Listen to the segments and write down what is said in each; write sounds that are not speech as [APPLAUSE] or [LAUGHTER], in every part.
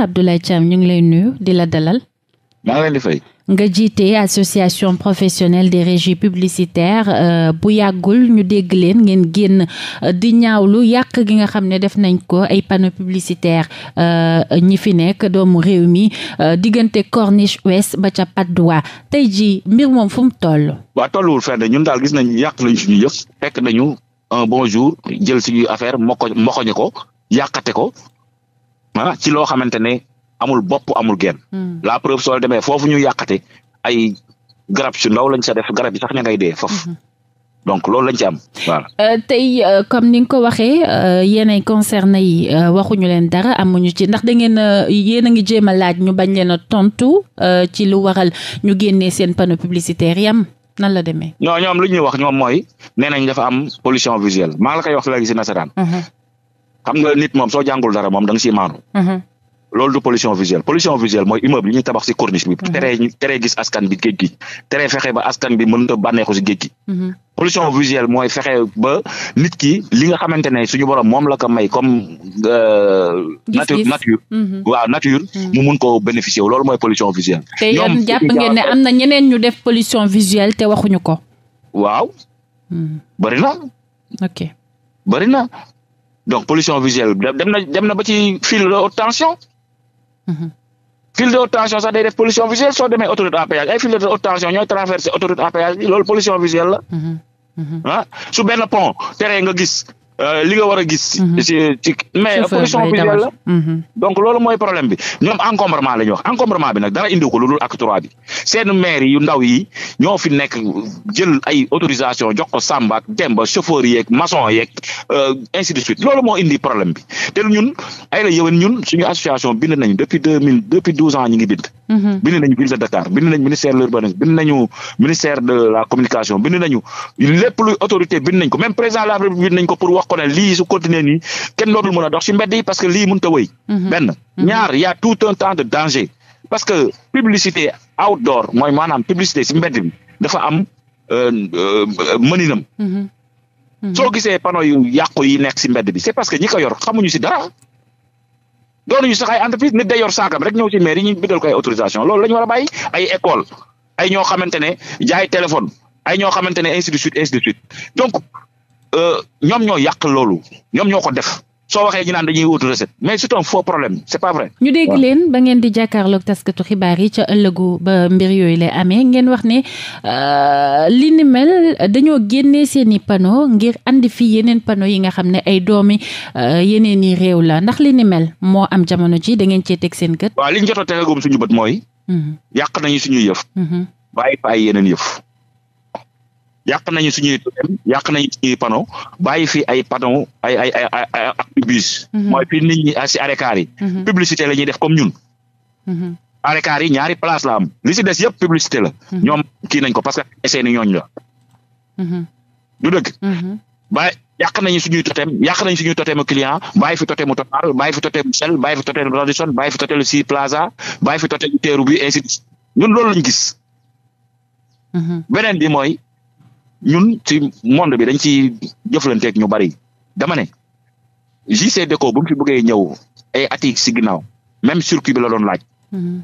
Abdoulaye Thiam ñu ngi lay nuyu di la dalal. maa ngi leen di fay. nga jiite association professionnelle des régies publicitaires euh, bu yàggul ñu dégg leen ngeen génn euh, di ñaawlu yàq gi nga xam ne def nañ ko ay panneaux publicitaires euh, ñi fi nekk doomu réew mi diggante corniche ouest ba ca Patte d'Oie tey jii mbir moom fu mu toll. waa tolluwul fenn ñun daal gis nañ yàq lañ suñu yëf fekk nañu un bon jour jël suñu affaire moko ko yàqate ko ah ci loo xamante ne amul bopp amul genn hmm. la preuve soo demee foofu ñu yàqate ay garab su ndaw lañ sa def garab yi sax ña ngay dee foofu. Hmm. donc loolu lañ ci am voilà. Euh, tey euh, comme ni nga ko waxee euh, yeneen ay concerné yi waxuñu leen dara amuñu ci ndax da ngeen yéen a ngi jéem a laaj ñu bañ leen a tontu ci lu waral ñu génnee seen panneau publicitaire yam nan la demee. ñoo ñoom lu ñuy wax ñoom mooy nee nañ dafa am pollution visuelle maa la koy wax léegi si nasaraan. Uh-huh. xam nga nit moom soo jàngul dara moom da nga siy maanu. Mm-hmm. loolu du pollution visuelle pollution visuelle mooy immeuble yi ñuy tabax si corniche bi. Mm-hmm. teree ñu gis askan bi géej gi teree fexe ba askan bi mënut a bànneexu si géej gi. Mm-hmm. pollution visuelle mooy fexe ba nit ki li nga xamante ne suñu borom moom la ko may comme. Euh, nature nature. waaw nature. mu mun ko bénéficier wu loolu mooy pollution visuelle. ñoom te yéen jàpp ngeen ne am na ñeneen ñu def pollution visuelle te waxuñu ko. waaw. Mm. bëri na. ok bëri donc pollution visuelle dem na ba ci fil de haute tension. Mhm. fil de haute tension sax day def pollution visuelle soo demee autoroute à ay fil de haute tension ñooy traversé autoroute à péage bi loolu pollution visuelle la. Mhm. Mhm. Ah, su benn pont teree nga gis Euh, li nga war a gis. ci mhm. mais pollution bi la mhm. donc loolu mooy problème bi ñoom encombrement la ñuy wax encombrement bi nag dara indi ko lu dul acte trois bi seen maire yu ndaw yi ñoo fi nekk jël ay autorisation jox ko Samba ak Demba chauffeur yeeg maçon yeeg euh, ainsi de suite loolu moo indi problème bi te ñun ay la yëwen ñun suñu association bind nañu depuis deux mille depuis douze ans ñu ngi bind. Mm-hmm. bind nañu ville de Dakar bind nañu ministère de l'urbanisme bind nañu ministère de la communication bind nañu lépp luy autorité bind nañ ko même président de la République bind nañ ko pour wax ko ne lii su continuer nii kenn dootul mën a dox ci mbedd yi parce que lii mënut a wéy. Mm-hmm. benn mm-hmm. ñaar y tout un temps de danger parce que publicité outdoor mooy maanaam publicité ci mbedd bi dafa am euh, euh, mëninam. soo gisee panneau yu yàqu yi nekk si mbedd bi c'est parce que ñi ko yor xamuñu si dara. doonuñu sax ay entreprise ne day yor saakam rek ñëw ci maire yi ko ay autorisation loolu la ñu war a bàyyi ay école ay ñoo xamante ne jaay téléphone ay ñoo xamante ne ainsi de suite ainsi de donc euh, ñoom ñoo yàq loolu ñoom ñoo ko def soo waxee ñu naan dañuy wut recette mais c'est un faux problème c'est pas vrai. ñu dégg leen ba ngeen di jàkkaarloog taskatu xibaar yi ca ëllëgu ba mbir yooyu lay amee ngeen wax ne euh, li ni dañoo génne seen i panneau ngir andi fii yeneen pano yi nga xam ne ay doomi euh, yeneen i réew la ndax li ni mel moo am jamono ji da ngeen cee teg seen kët. waaw li ñu jot a tegagum suñu bët mooy. Mhm. yàq nañu suñu yëf. Mhm. bàyyi fa yeneen yëf. yàq nañu suñuy totem yàq nañu suñuy panneau bàyyi fi ay panneau ay ay ay ay ay bus. Mhm. mooy fi nit ñi si arekaar mhm. publicité la ñuy def comme ñun. Mhm. arekaar yi ñaari place la am li si des yëpp publicité la. ñoom kii nañ ko parce que seeni ñooñ la. du dëgg. bàyyi yàq nañu suñuy totem yàq nañu suñuy totemu client bàyyi fi totemu Total bàyyi fi totemu Shell bàyyi fi totemu Radisson bàyyi fi totemu Sea Plaza bàyyi fi totemu teeru bi ainsi ñun loolu lañ gis. beneen bi mooy. ñun ci monde bi dañ ci jëflanteeg ñu bari dama ne JC Deco bu mu fi bëggee ñëw ay ati si ginnaaw même circuit bi la doon laaj. Mm-hmm.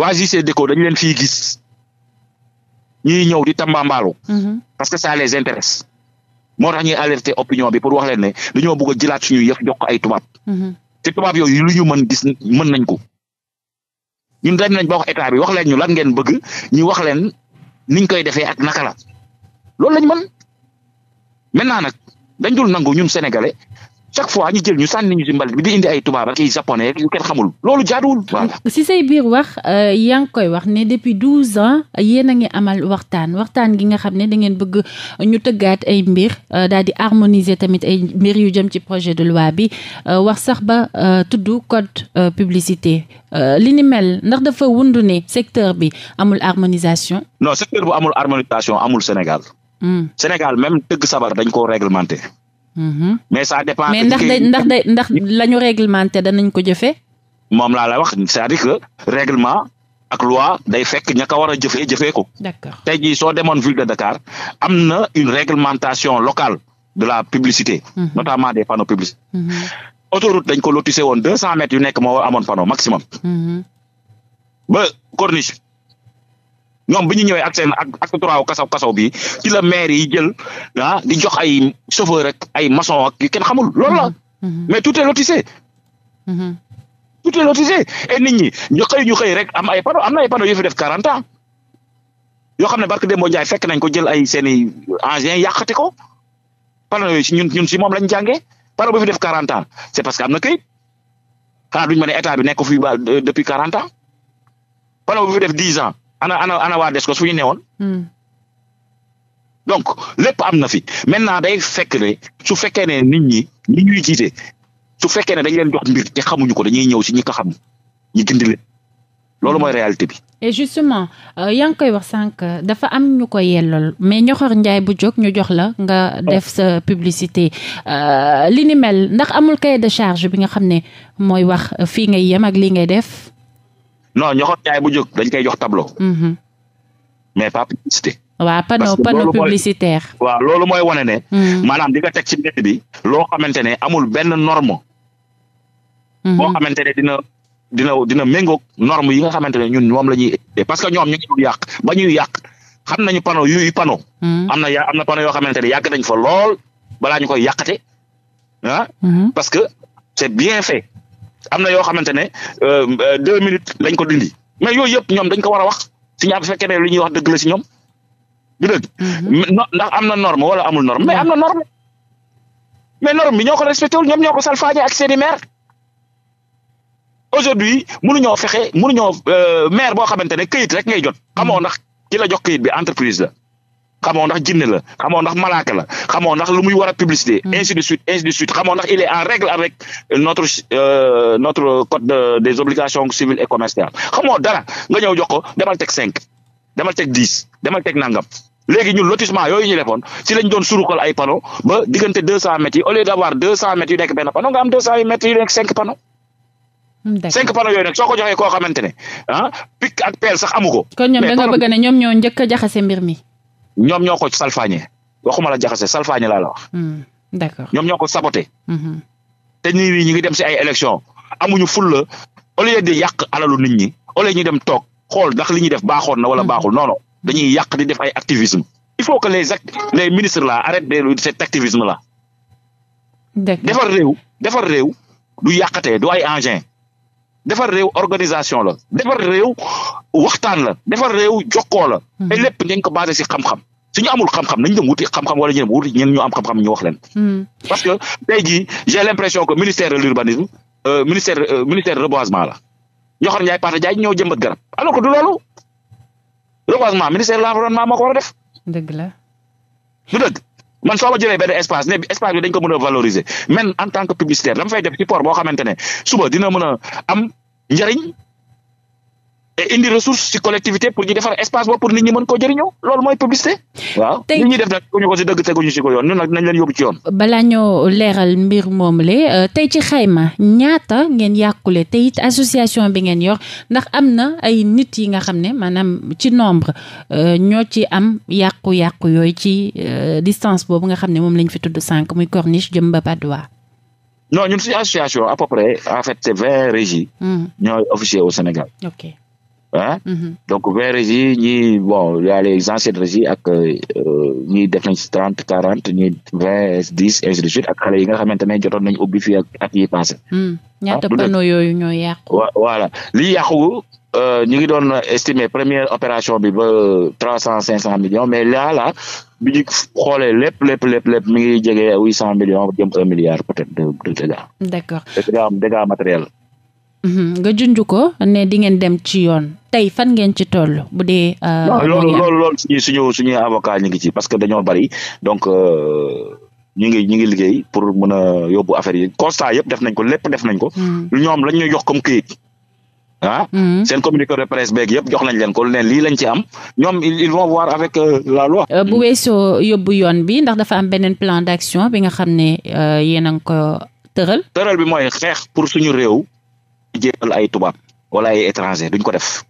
waa de Deco dañ leen fii gis ñuy ñëw di tambambaalu. Mm-hmm. parce que ça les intéresse. moo tax ñuy alerter opinion bi pour wax leen ne dañoo bëgg a jëlaat suñu yëf jox ko ay tubaab. Mm-hmm. te tubaab yooyu lu ñu mën gis mën nañ ko. ñun dañ nañ ba wax état bi wax leen ñu lan ngeen bëgg ñu wax leen niñ koy defee ak naka loolu lañ mën naa nag dañ dul nangu ñun sénégalais chaque fois ñu jël ñu sànni ñu si mbalit bi di indi ay tubaab ak ay japonais yu kenn xamul loolu jaaduwul si say biir wax euh, yaa ngi koy wax ne depuis douze ans yéen a ngi amal waxtaan waxtaan gi nga xam ne da ngeen bëgg ñu tëggaat ay mbir euh, daal di harmoniser tamit ay mbir yu jëm ci projet de loi bi euh, wax sax ba tudd code publicité li ni mel ndax dafa wundu ne secteur bi amul harmonisation. non secteur bu amul harmonisation amul Sénégal. Hmm. Sénégal même tëgg sabar dañ ko réglementé. Hmm. mais ça dépend. mais ndax day ndax day ndax la ñu réglementé danañ ko jëfee. moom laa la wax c'est-à-dire que règlement ak loi day fekk ña ko war a jëfee jëfee ko. d'accord tey jii soo demoon ville de Dakar am na une réglementation locale de la publicité. Hmm. notamment des panneaux autoroute dañ ko lotissé woon deux cent mètres yu nekk moo amoon panneau maximum. ba corniche. ñoom bi ñu ñëwee ak seen ak ak trois kasaw kasaw bi ci la jël ah di jox ay chauffeur rek ay maçon ken yu kenn xamul mm-hmm. Mm-hmm. mais tout est lotissé mm-hmm. tout est lotissé et nit ñi ñu xëy ñu xëy rek am ay panneaux am na ay panneaux yu fi def quarante ans yoo xam ne barke Demba Ndiaye fekk nañ ko jël ay seen i engins yàqate ko panneaux yooyu si ñun ñun si moom lañ jàngee panneau bu fi def quarante ans c'est parce que am na këyit xanaa ma ne état bi nekk ko fi ba euh, depuis quarante ans panneau bu fi def dix ans ana ana ana waa Descos fu ñu newoon. Hmm. donc lépp am na fi maintenant day fekk ne su fekkee ne nit ñi nit ñuy jiite su fekkee ne dañ leen jox mbir ci xamuñu ko dañuy ñëw si ñi ko xam ñu gindi leen loolu mooy réalité bi. et justement euh, yaa ngi koy wax sànq dafa am ñu ko yellool mais ñoxor njaay bu jóg ñu jox la nga def sa publicité euh, li ni mel ndax amul cahier de charge bi nga xam ne mooy wax fii nga yem ak lii ngay def. no ñoxor ñaay bu jóg dañ koy jox tableau. Mhm. mais pas publicité. waa panneau panneau publicitaire. waaw loolu mooy wane ne. Mhm. maanaam di nga teg ci mbedd bi. loo xamante ne amul benn norme. Mhm. boo xamante ne dina dina dina méngoog norme yi nga xamante ne ñun moom la ñuy parce que ñoom ñu ngi yàq ba ñuy yàq xam nañu panneau yuy panneau. am na ya am na panneau yoo yàgg nañ fa lool balaa ñu koy yàqate ah. parce que c'est bien fait. am na yoo xamante ne euh, euh, deux minutes lañ ko dindi mais yooyu yëpp ñoom dañ ko war a wax si ñaar bu ne lu ñuy wax dëgg si ñoom du dëgg. Mm-hmm. ndax am na norme wala amul norme mais am na norme mais norme bi ñoo ko respecté wul ñoom ñoo ko salfaañe ak seen i maire aujourd'hui mënuñoo fexe mënuñoo euh, maire boo xamante ne këyit rek ngay jot xamoo mm-hmm. ndax ki la jox këyit bi entreprise la. xamoo ndax jinne la xamoo ndax malaaka la xamoo ndax lu muy war a publicité hmm. ainsi de suite ainsi de suite xamoo ndax il est en règle avec notre euh, notre code de, des obligations civiles et commerciales xamoo dara nga ñëw jox ko demal teg cinq demal teg dix demal teg nangam léegi ñun lotissement yooyu ñu defoon si lañ doon surukal ay panneaux ba diggante deux cent mètres yi au lieu d' avoir nga am deux cent mètres yu nekk cinq panneaux cinq panneaux yooyu nag soo ko joxee koo xamante ne ah pic ak amu ko. kon ñoom da nga bëgg ñoo njëkk a jaxase mbir mi. ñoom ñoo ko salfaañe waxuma la jaxase salfaañe laa la wax. Hmm, d'accord ñoom ñoo ko saboté. Hmm. te nit ñi ñu ngi dem si ay élection amuñu fulla au lieu de yàq alalu nit ñi au lieu ñu dem toog xool ndax li ñuy def baaxoon na wala hmm. baaxul non non dañuy yàq di def ay activisme il faut que les act les ministres là arrêtent de cet activisme là. defar réew defar réew du yàqatee du ay engin defar réew organisation la defar réew waxtaan la defar réew jokkoo la. lépp dañ ko basé si xam-xam. su ñu amul xam-xam nañu dem wuti xam-xam wala ñu dem wuti ñeen ñu am xam-xam ñu hmm. parce que tey jii j'ai l'impression que ministère de l'urbanisme euh, ministère euh, ministère reboisement la Ñoxor Njaay Pate Njaay ñoo jëmbat garab alors que du loolu reboisement ministère de l'environnement moo ko a def. dëgg man soo ma jëlee benn espace ne espace bi dañ ko mën a valoriser même en tant que publicitaire dama fay def ci port boo xamante ne suba dina mën a am njariñ et indi ressource ci collectivité pour ñu defar espace boobu pour nit ñi mën koo jëriñoo loolu mooy publicité waaw li ñuy def nag ku ñu ko ci dëgg teguñu ci ko yoon ñun nag nañ leen yóbbu ci yoon balaa ñoo leeral mbir moom le euh, tey ci xayma ñaata ngeen yàqule tey it association bi ngeen yor ndax am na ay nit yi nga xam ne maanaam ci nombre euh, ñoo ci am yàqu-yàqu yooyu ci euh, distance boobu nga xam ne moom lañ fi tudd sànq muy corniche jëm ba Patte d'Oie non ñun suñu association à en fait c'est vingt régies hmm. ah donc vingt régies ñi bon y a les anciennes régies ak euh, ñi def nañ si trente quarante ñi vingt dix ainsi de ak xale yi nga xamante ne jotoon nañ ubbi fii ak at yi passé hmm. ñaata ah, panneau yooyu ñoo yàqu voilà li yàqu euh, ñu ngi doon estimer première opération bi ba euh, trois cent cinq cent millions mais là là bi ñu xoolee lépp lépp lépp lépp mi ngi jege huit cent millions jëm un milliard peut-être de de d'accord dégâts dégâts Mhm. nga junj ko ne di ngeen dem ci yoon tey fan ngeen ci toll bu dee. Euh, ah, loolu loolu loolu suñuy suñu suñuy avocat ñu ngi ci parce que dañoo bari donc euh, ñu ngi ñu ngi liggéey pour mën a yóbbu affaire yi constat yëpp def nañ ko lépp def nañ ko. Hmm. ñoom lañ ñu jox comme këyit. Ah? Hmm. seen communiqué de presse yëpp jox nañ leen ko ne lii lañ ci am ñoom ils vont voir avec euh, la loi. bu weesoo yóbbu yoon bi ndax dafa am beneen plan d'action bi nga xam ne yéen a ko tëral. tëral bi mooy xeex pour suñu réew. jéemal ay tubaab wala ay étranger duñ ko def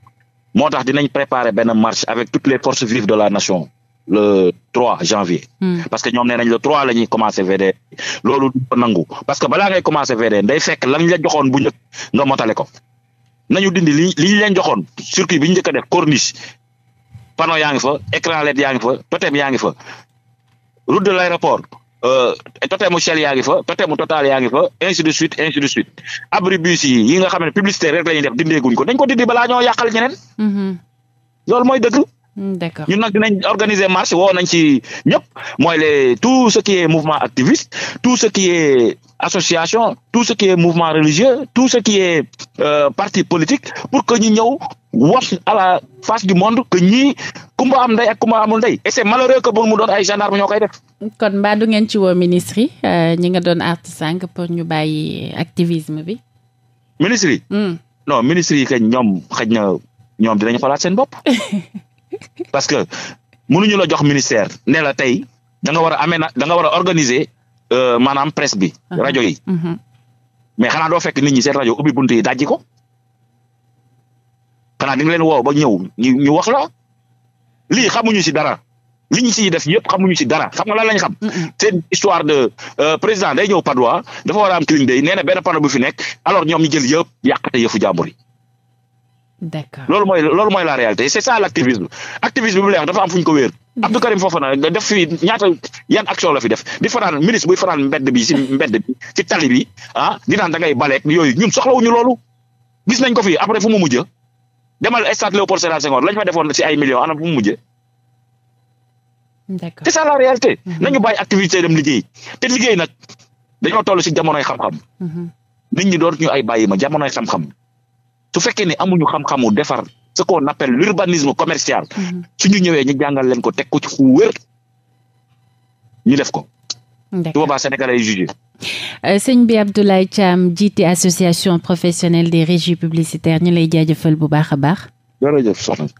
moo tax dinañ préparer benn marche avec toutes les forces vives de la nation le 3 janvier. Hmm. parce que ñoom nee nañ le 3 la ñuy commencé VD loolu du ko nangu parce que balaa ngay commencé VD day fekk lañ la joxoon bu njëkk nga motale ko nañu dindi li li ñu leen joxoon circuit bi ñu njëkk a def corniche panneau yaa ngi fa écran LED yaa ngi totem yaa route de l' e euh, totemu Shell yaa ngi fa totemu Total yaa ngi fa ainsi de suite ainsi de suite abri bus yi nga xam ne publicité rek la ñuy def ko dañ ko dindi balaa ñoo yàqal ñeneen. Mhm. loolu mooy dëgg. Hmm, d'accord ñun nag dinañ organiser marche woo nañ ci ñëpp mooy le tout ce qui est mouvement activiste tout ce qui est association tout ce qui est mouvement religieux tout ce qui est euh, parti politique pour que ñu ñëw wax à la face du monde que ñii kumba am ndey ak kumba amul ndey et c'est malheureux que bu mu doon ay gendarme ñoo koy def. kon mbaa ngeen ci woo ministre yi euh, ñi nga doon arti sànq pour ñu bàyyi activisme bi. ministre yi. Hmm. non ministre yi kañ ñoom xaj na ñoom dinañ xoolaat seen bopp. [LAUGHS] parce que mënuñu la jox ministère ne la tey da nga war a amee na da nga war a organiser euh, maanaam presse bi. Uh-huh. rajo yi. Mm-hmm. mais xanaa doo fekk nit ñi seen rajo ubbi bunt yi dajji ko xanaa di leen woo ba ñëw ñu ñu wax la lii xamuñu si dara. li ñu ciy def yëpp xamuñu ci dara xam nga lan lañ xam. te histoire de euh, président day ñëw Padois dafa war a am clean day nee na benn panneau bu fi nekk alors ñoom ñu jël yëpp yàqate yëfu jàmbur yi. d'accord loolu mooy loolu mooy la réalité et c'est ça l'activisme activisme bi mu lay dafa am fu ñu ko wéer mm. Abdou Karim Fofana def fi ñaata yan action la fi def di fanaan ministre buy fanaan mbedd bi si mbedd bi si tali bi ah di naan da ngay baleeg yooyu ñun soxlawuñu loolu gis nañ ko fi après fu mu mujjee demal stade Léopold Sédar Senghor lañ fa defoon si ay millions anam fu mu mujjee. d'accord c'est ça la réalité. Mm-hmm. nañu bàyyi activité dem liggéey te liggéey nag dañoo toll si jamonoy xam-xam. Mm-hmm. ñi dootuñu ay bàyyi ma jamonoy xam-xam. su fekkee ne amuñu xam-xamu defar ce qu'on appelle l'urbanisme commercial mhm. ñu ñëwee ñu jàngal leen ko teg ko ci fu wér ñu def ko su boobaa sénégalais yi jugé euh, sëñ bi Abdoulaye Thiam jiite association professionnelle des régies publicitaires ñu lay jaajëfal bu baax a baax jërëjëf soxna